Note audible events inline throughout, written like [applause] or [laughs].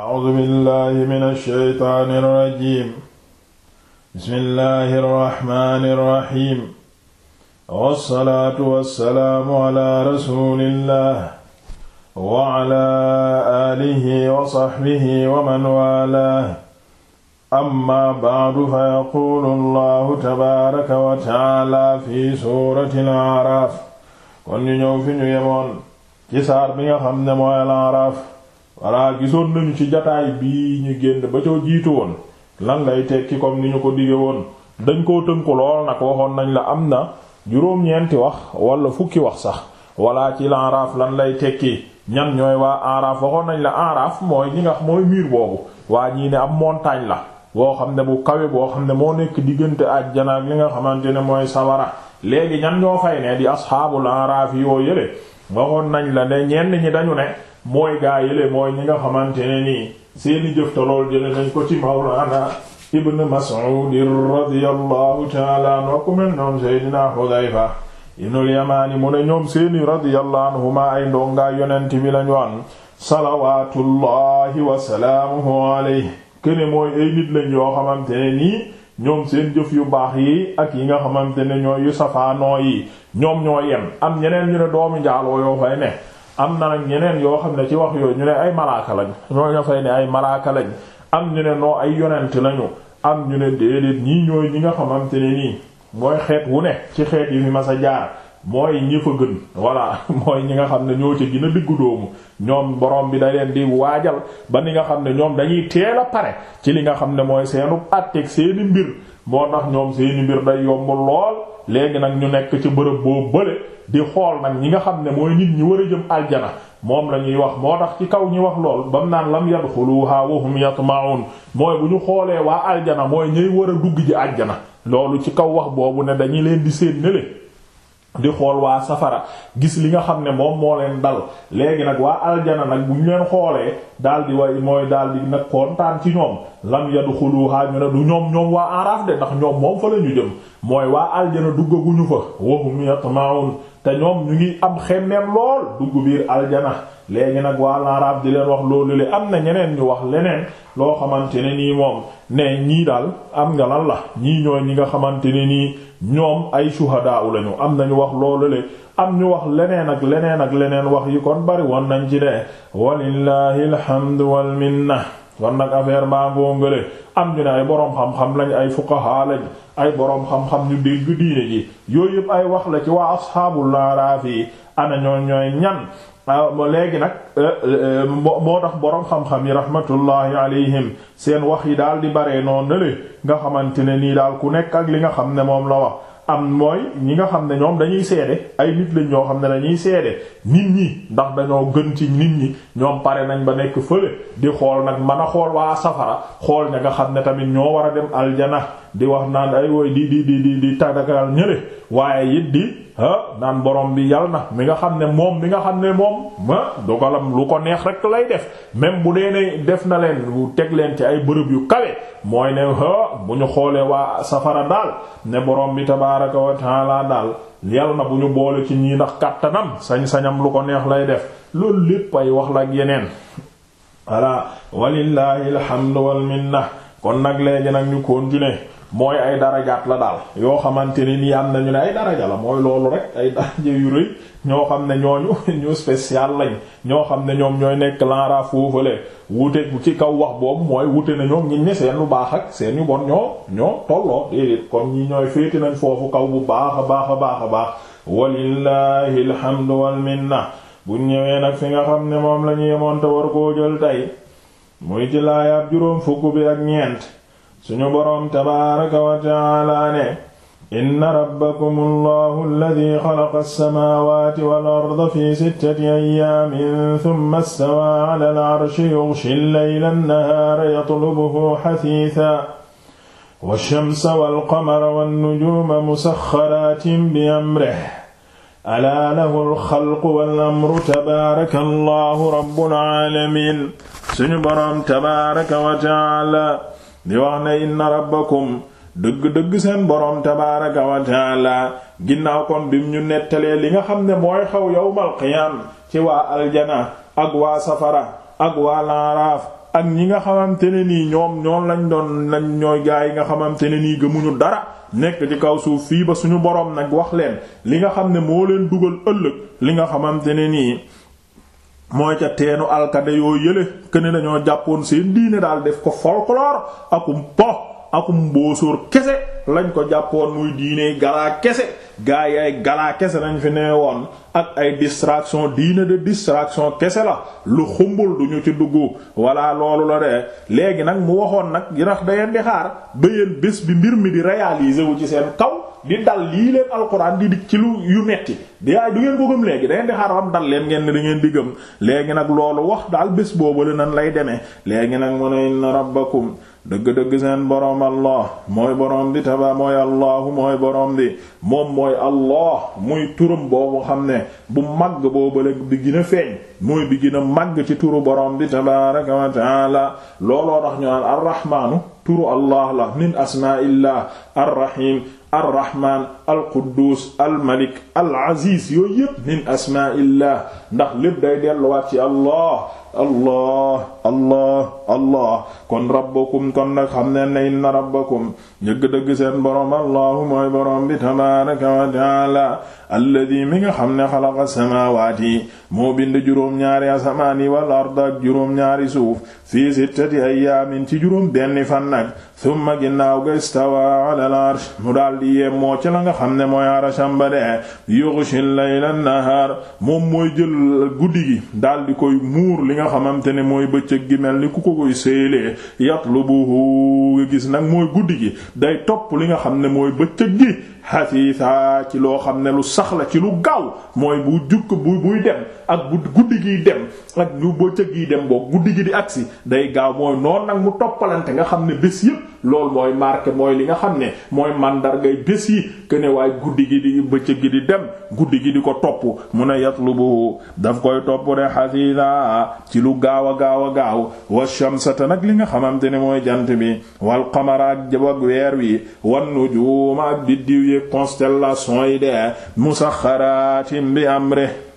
A'uuzu billaahi mina shaytaani rajiim. Bismillaahi rahmaani rahiim. Wassalaatu wassalaamu alaa rasuulillaah wa alaa aalihi wa sahbihi wa man waalaah. Ammaa ba'du fa yaquulu Allaahu tabaaraka wa ta'aalaa fi suuratil A'raaf. Kon ñu ñëw fi ñu yemoon ci saar bi nga xam ne mooy Al-A'raaf. voilà gisoon nañu ci jataay bii ñu génn ba coo jiitu woon lan lay tekki comme ni ñu ko dige woon dañ koo tënku lool nag waxoon nañ la am na juróom-ñeenti wax wala fukki wax sax wala ci l'araaf lan lay tekki ñan ñooy waa araaf waxoon nañ la araaf mooy ñi nga mooy miir boobu waa ñii ne ab montagne la boo xam ne bu kawe boo xam ne moo nekk diggante àjjana ak li nga xamante ne mooy sawara léegi ñan ñoo fay ne di asxaabul araaf yoo yële waxoon nañ la ne ñenn ñi dañu ne mooy gaa yile mooy ñi nga xamante ne nii seeni jëf talool jële nañ ko ci mawlaana ibn Mas'ud radiyallahu taala anhu ku mel ñoom seeni radiyallahu anhuma ay ndongaa yonent bi lañu an salawaatullahi wa salaamuhu alayhi kene mooy ay nit lañ yoo xamante ne nii ñoom seen jëf yu baax yi ak yi nga xamante ne ñooy yu safaanoo yi ñoom ñooy yem am ñeneen ñu ne doomi njaaloo fay ne am na ñeneen yoo xam ne ci wax yooyu ñu ne ay malaaka lañ ñoo ña fay ne ay malaaka lañ am ñu ne noo ay yonent lañu am ñu ne déedéet ñii ñooy ñi nga xamante ne nii xeet wu ne ci xeet yi fi mas a jaar mooy ñi fa gën voilà [laughs] mooy ñi nga xam ne ñoo ci dina a diggu doomu ñoom borom bi da leen di waajal ba ni nga xam ne ñoom dañuy teel a pare ci li nga xam ne mooy seenu àtteeg seeni mbir moo tax ñoom seeni mbir day yomb lool léegi nag ñu nekk ci bërëb boo bële di xool nag ñi nga xam ne mooy nit ñi war a jëm aljana moom la ñuy wax moo tax ci kaw ñi wax lool bam naan lam yadxuluha wa hum yatma'un mooy bu ñu xoolee waa aljana mooy ñëy war a dugg ji aljana loolu ci kaw wax boobu ne dañu leen di séen nele di xool waa safara gis li nga xam ne moom moo leen dal léegi nag waa aljana nag bu ñu leen xoolee daal di way mooy daal di nag kontaan ci ñoom lam yadxuluha ñu ne du ñoom ñoom waa araaf de ndax ñoom moom fa la jëm mooy waa aljana duggaguñu fa wa hum yatma'un te ñoom ñu ngi ab xemmeem lool dugg biir aljana léegi nag waa laraab di leen wax loolu le am na ñeneen ñu wax leneen loo xamante ne nii moom ne ñii daal am nga lan la ñii ñooy ñi nga xamante ne nii ñoom ay shuhadaa u lañu am ñu wax loolu le am ñu wax leneen ak leneen ak leneen wax yi kon bari woon nañ ci de walillahi alhamdu wal minna kon nag affaire maa ngoo ngële am ñu ne ay boroom xam-xam lañ ay fuqaha lañ ay boroom xam-xam ñu dégg diine ji yooyu yëpp ay wax la ci waa asxaabul araf yi ana ñoon ñooy ñan ah, léegi nag eh, eh, moo tax boroom xam-xam yi rahmatullahi alayhim seen wax yi daal di bare noon le nga xamante ne nii daal ku nekk ak li nga xam ne moom la wax am mooy ñi nga xam ne ñoom dañuy seede ay nit lañ ñoo xam ne dañuy seede nit ñi ndax dañoo gën ci nit ñi ñoom pare nañ ba nekk fële di xool nag mën a xool waa safara xool ña nga xam ne tamit ñoo war a dem aljana di wax naan ay woy di di di di di tàggatal ñële waaye it di ah naan borom bi yal na mi nga xam ne moom mi nga xam ne moom ah dogalam lu ko neex rek lay def même bu dee ne def na leen bu teg leen ci ay bërëb yu kawe mooy ne ah bu ñu xoolee waa safara daal ne borom bi tabaaraka wa daal yal na bu ñu boole ci ñii ndax kàttanam sañ-sañam lu ko neex lay def loolu lépp ay wax la yeneen. voilà walillahi alhamdu wal kon nag léegi nag ñu continuer mooy ay darajaat la daal yoo xamante ne nii am nañu ne ay daraja la mooy loolu rek ay daraja yu rëy ñoo xam ne ñooñu [laughs] ñu spécial lañ ñoo xam ne ñoom ñooy nekk lanra foofale wute bu ci kaw wax boobu mooy wute na seen lu baax ak seen yu ñoo ñoo tolloo déedéet kon ñi ñooy féeti nañ foofu kaw bu baax a baax a baax a baax walillahi alhamdu wal minna bu ñëwee nag fi nga xam ne moom la yemoon te war koo jël tey muy ci laayab juróom fukk bi ak ñeent suñu boroom tabaaraka wa ta'aala ne inna rabbakum allahu alladi xalaqa alsamawati wal arda fi sittati ayaamin thumma istawaa ala al-arshi yughshi al-layla an-nahaara yatlubuhu hasiisan wash-shamsa wal-qamara wan-nujuuma musaxxaraatin bi-amrihi alaa lahu alxalqu wal amru tabaaraka allahu rabbul aalamiin suñu boroom tabaaraka wa ta'aala di wax ne inna rabbakum dëgg-dëgg seen boroom tabaaraka wa taala ginnaaw kon bim ñu nettalee li nga xam ne mooy xaw yawmal qiyaam ci waa aljana ak waa safara ak waa laaraaf ak ñi nga xamante ne nii ñoom ñoom lañ doon lañ ñooy gaa yi nga xamante ne nii gëmuñu dara nekk ci kaw suuf fii ba suñu boroom nag wax leen li nga xam ne moo leen dugal ëllëg li nga xamante ne nii mooy ca teenu alkade yoo yële këne dañoo jàppoon seen diine daal def ko folklore akum po akum mbóosóor kese lañ ko jàppoon muy diine galaa kese gaa yaay galaa kese nañ fi nee woon ak ay distraction diine de distraction kese la lu xumbul du ñu ci dugg walla loolu la de léegi nag mu waxoon nag ndax da ngeen di xaar ba yéen bés bi mbir mi di réaliser wu ci seen kaw di dal lii leen alxuraan di dik ci lu yu metti di yaay du ngeen ko gëm léegi da ngeen di xaar am dal leen ngeen ni da ngeen di gëm léegi nag loolu wax daal bés boobu la nan lay demee léegi nag mu ne inna rabbakum dëgg-dëgg seen boroom allah mooy boroom di taba mooy allahu mooy boroom di moom mooy allah muy turam boobu xam ne bu màgg boobale bi gën feeñ muy bi gën a màgg ci turu boroom di tabaraka wa taala looloo tax ñu naan arrahmaanu turu allah la min asmaillah arrahim arrahman alquddus almalik alaziz yooyu yépp min asmaillah ndax lépp day delluwaat ci allah allah allah allah kon rabbukum kon nag xam ne ne inna rabbakum dëgg-dëgg seen boroom allahu mooy boroom bi tabaraka wa taala alladi mi nga xam ne xalaqa samaawaati moo bind juróom-ñaari asamaan yi wal ard ak juróom-ñaari suuf fii sittati ayyaamin ci juróom benni fan nag summa ginnaaw ga istawa ala al mu daal di yem moo ci la nga xam ne mooy arsham ba de yughshi layla nahaar moom mooy jël guddi gi daal koy muur li nga xamante ne mooy bëccëg gi mel ni ku ko koy bu yatlubuhu nga gis nag mooy guddi gi day topp li nga xam ne mooy bëccëg gi hasiisa ci loo xam ne lu saxla ci lu gaaw mooy bu jukk bu buy dem ak bu guddi gi dem ak bu bëccëg giy dem boo guddi gi di agsi day gaaw mooy noonu nag mu toppalante nga xam ne bés yëpp loolu mooy marqué mooy li nga xam ne mooy mandargay bés yi que ne waaye guddi gi di bëccëg gi di dem guddi gi di ko topp mu ne yatlubu daf koy topp de xasiida ci lu gaaw a gaaw a gaaw wa shamsa nag li nga xamante ne mooy jant bi wal qamara ak jabak weer wi wan nujuuma ak biddiw yi constellation yi de musaxaraatin bi amre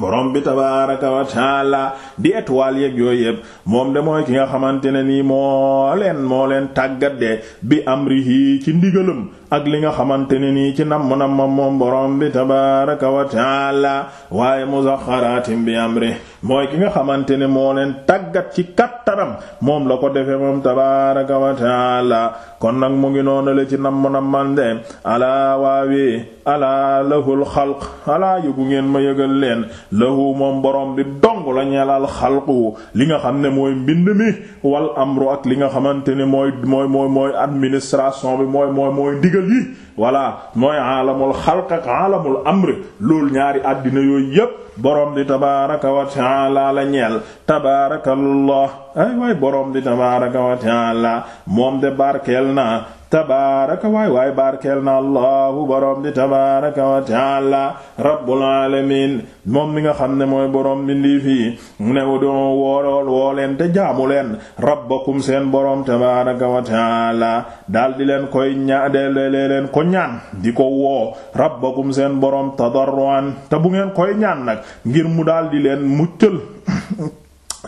borom bi tabaaraka wa taala di étoile yeeg yooyu yëpp moom de mooy ki nga xamante ne nii moo leen moo leen tàggat de bi amrihi ci ndigalam ak li nga xamante ne nii ci nam nam moom borom bi tabaaraka wa taala waaye muzaxaraatin bi amri mooy ki nga xamante ne moo leen tàggat ci kattaram moom la ko defee moom tabaaraka wa taala kon nag mu ngi noonu ci nam nam man de alaa waawee alaa lahul xalq alaa yëgu ngeen ma yëgal leen lahu moom borom bi dong la ñelal xalqu li nga xam ne mooy mbind mi wal amru ak li nga xamante ne mooy mooy mooy mooy administration bi mooy mooy ndigal yi voilà mooy aalamul xalq ak aalamul amr loolu ñaari àddina yooyu yépp borom di tabaaraka wa ta'ala la ñeel tabaarakallah ay waay borom di tabaaraka wa ta'ala moom de barkeel na tabaaraka waay waay barkeel na allahu borom di tabaaraka wa rabbul alamin moom mi nga xam ne mooy boroom bi ndii fii ne udoo woolool wooleen te jaamu leen rabbakum seen borom tabaaraka wa daldi leen koy ña delee leen ko ñaan di ko woo rabbakum seen borom tadarruan te bu ngeen koy ñaan nag ngir mu daldi leen muccal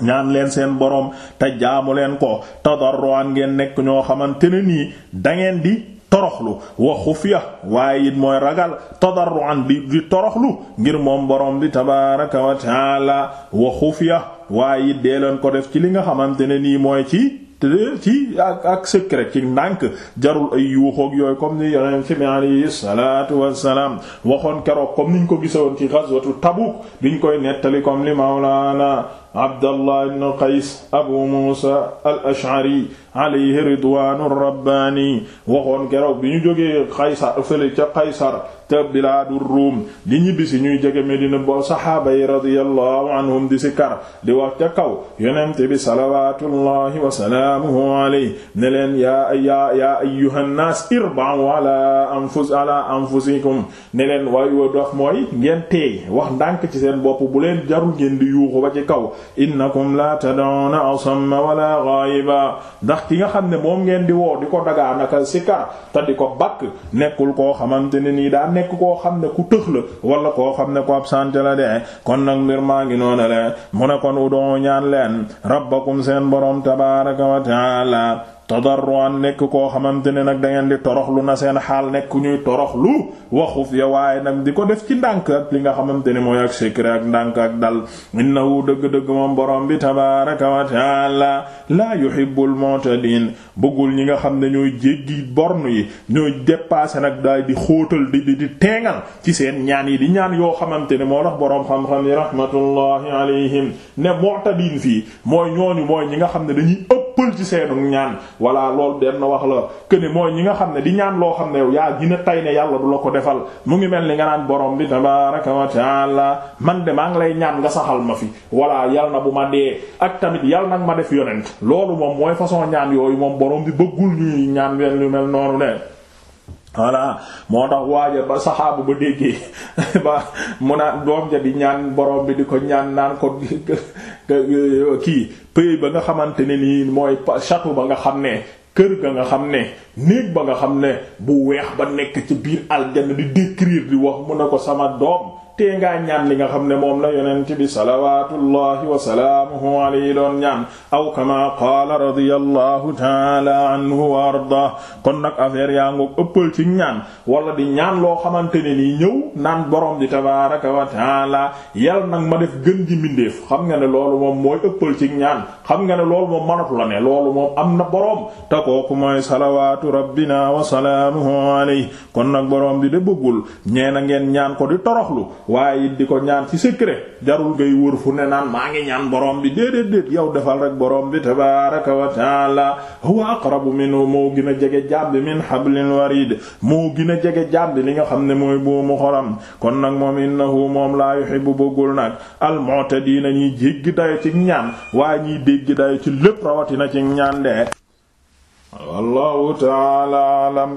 ñaan leen seen boroom te jaamu leen ko tadarruan ngeen nekk ñoo xamante ne nii dangeen di toroxlu wa xufiya waaye it mooy ragal tadarruan di di toroxlu ngir moom boroom bi tabaaraka wa taala wa xufiya waaye it dee leen ko def ci li nga xamante ne nii mooy ci te ci ak ak secret ci ndànk jarul ay yuuxoog yooyu comme ni yonent bi alayhi salaatu wassalaam waxoon keroog comme ñu ko gisoon ci ghazwatu Tabuk biñ koy nettali comme li Mawlaana abdallah ibn qays abu muusa al ashari alayhi ridwaanu rabbaani waxoon keroog bi ñu jógee qaysar fële ca qaysar te bilaadu ruum di ñibbisi ñuy jege medina bo saxaaba yi radiyallahu anhum di si kar di wax ca kaw yonent bi salawaatullahi wa salaamuhu alayhi ne leen yaa yaa yaa ayyuhannaas irba'u ala anfus ala anfusikum ne leen waay woo dox mooy ngeen teey wax ndànk ci seen bopp bu leen jarul ngeen di yuuxu wa ci kaw innakum la tad'una asamma wala ghaiba ndax ki nga xam ne moom ngeen di woo di ko dagaanaka sikar te di ko bakk nekkul koo xamante ne nii daa nekk koo xam ne ku tëx la wala koo xam ne ko absent la de kon nag mbir maa ngi noonu le mu ne kon udoo ñaan leen rabbakum seen borom tabaaraka wa ta'ala tadarruan nekk koo xamante ne nag da ngeen di toroxlu na seen xaal nekk ñuy toroxlu waxuf ya waaye nag di ko def ci ndànk ak li nga xamante ne mooy ak secret ak ndànk ak dal innahu dëgg-dëgg moom borom bi tabaraka wa taala laa yuhibbul mu'tadin bëggul ñi nga xam ne ñooy jéggi borne yi ñooy dépasser nag daay di xóotal di di di teengal ci seen ñaan yi di ñaan yoo xamante ne moo tax borom xam-xam yi rahmatullahi alayhim ne mu'tadin fii mooy ñooñu mooy ñi nga xam ne dañuy dul ci seenu ñaan voilà loolu benn wax la que ne mooy ñi nga xam ne di ñaan loo xam ne yow yaa gina tay ne yàlla du la ko defal mu ngi mel ni nga naan borom bi tabaraka wa taala man de maa ngi lay ñaan nga saxal ma fi voilà yal na bu ma dee ak tamit yal ma def yonent loolu moom mooy façon ñaan yooyu moom borom bi bëggul ñuy ñaan mel yu mel noonu de. voilà moo tax waaja ba saxaabu ba déggee [laughs] ba mu naan doom ja di ñaan borom bi di ko ñaan naan ko Euh, kii pays ba nga xamante ne nii mooy château ba nga xam ne kër ga nga xam ne néeg ba nga xam ne bu weex ba nekk ci biir aljanna di décrire di wax mu ne ko sama doom tee ngaa ñaan li nga xam ne moom la yonent bi salawatullahi wa salaamuhu alayhi doon ñaan aw kama qaala radiyallahu taala anhu wa arda kon nag affaire yaa ngoog ëppal ci ñaan wala di ñaan loo xamante ne nii ñëw naan borom di tabaraka wa taala yal nag ma def gën ji mbindeef xam nga ne loolu moom mooy ëppal ci ñaan xam nga ne loolu moom manatu la ne loolu moom am na boroom te kooku mooy salawaatu rabbina wa salaamuhu alayhi kon nag boroom bi de bëggul ñeena ngeen ñaan ko di toroxlu waaye it di ko ñaan ci secret jarul ngay wër fu ne naan maa ngi ñaan borom bi déedéet déet yow defal rek borom bi tabaaraka wa taala huwa aqrabu minhu moo gën a jege jaam bi min hablil warid moo gën a jege jaam bi li nga xam ne mooy buumu xolam kon nag moom innahu moom laa yuhibbu bëggul nag al mu'tadiina ñiy jéggi dayo ci ñaan waaye ñiy déggi dayo ci lépp rawatina ci ñaan de wallahu taala alam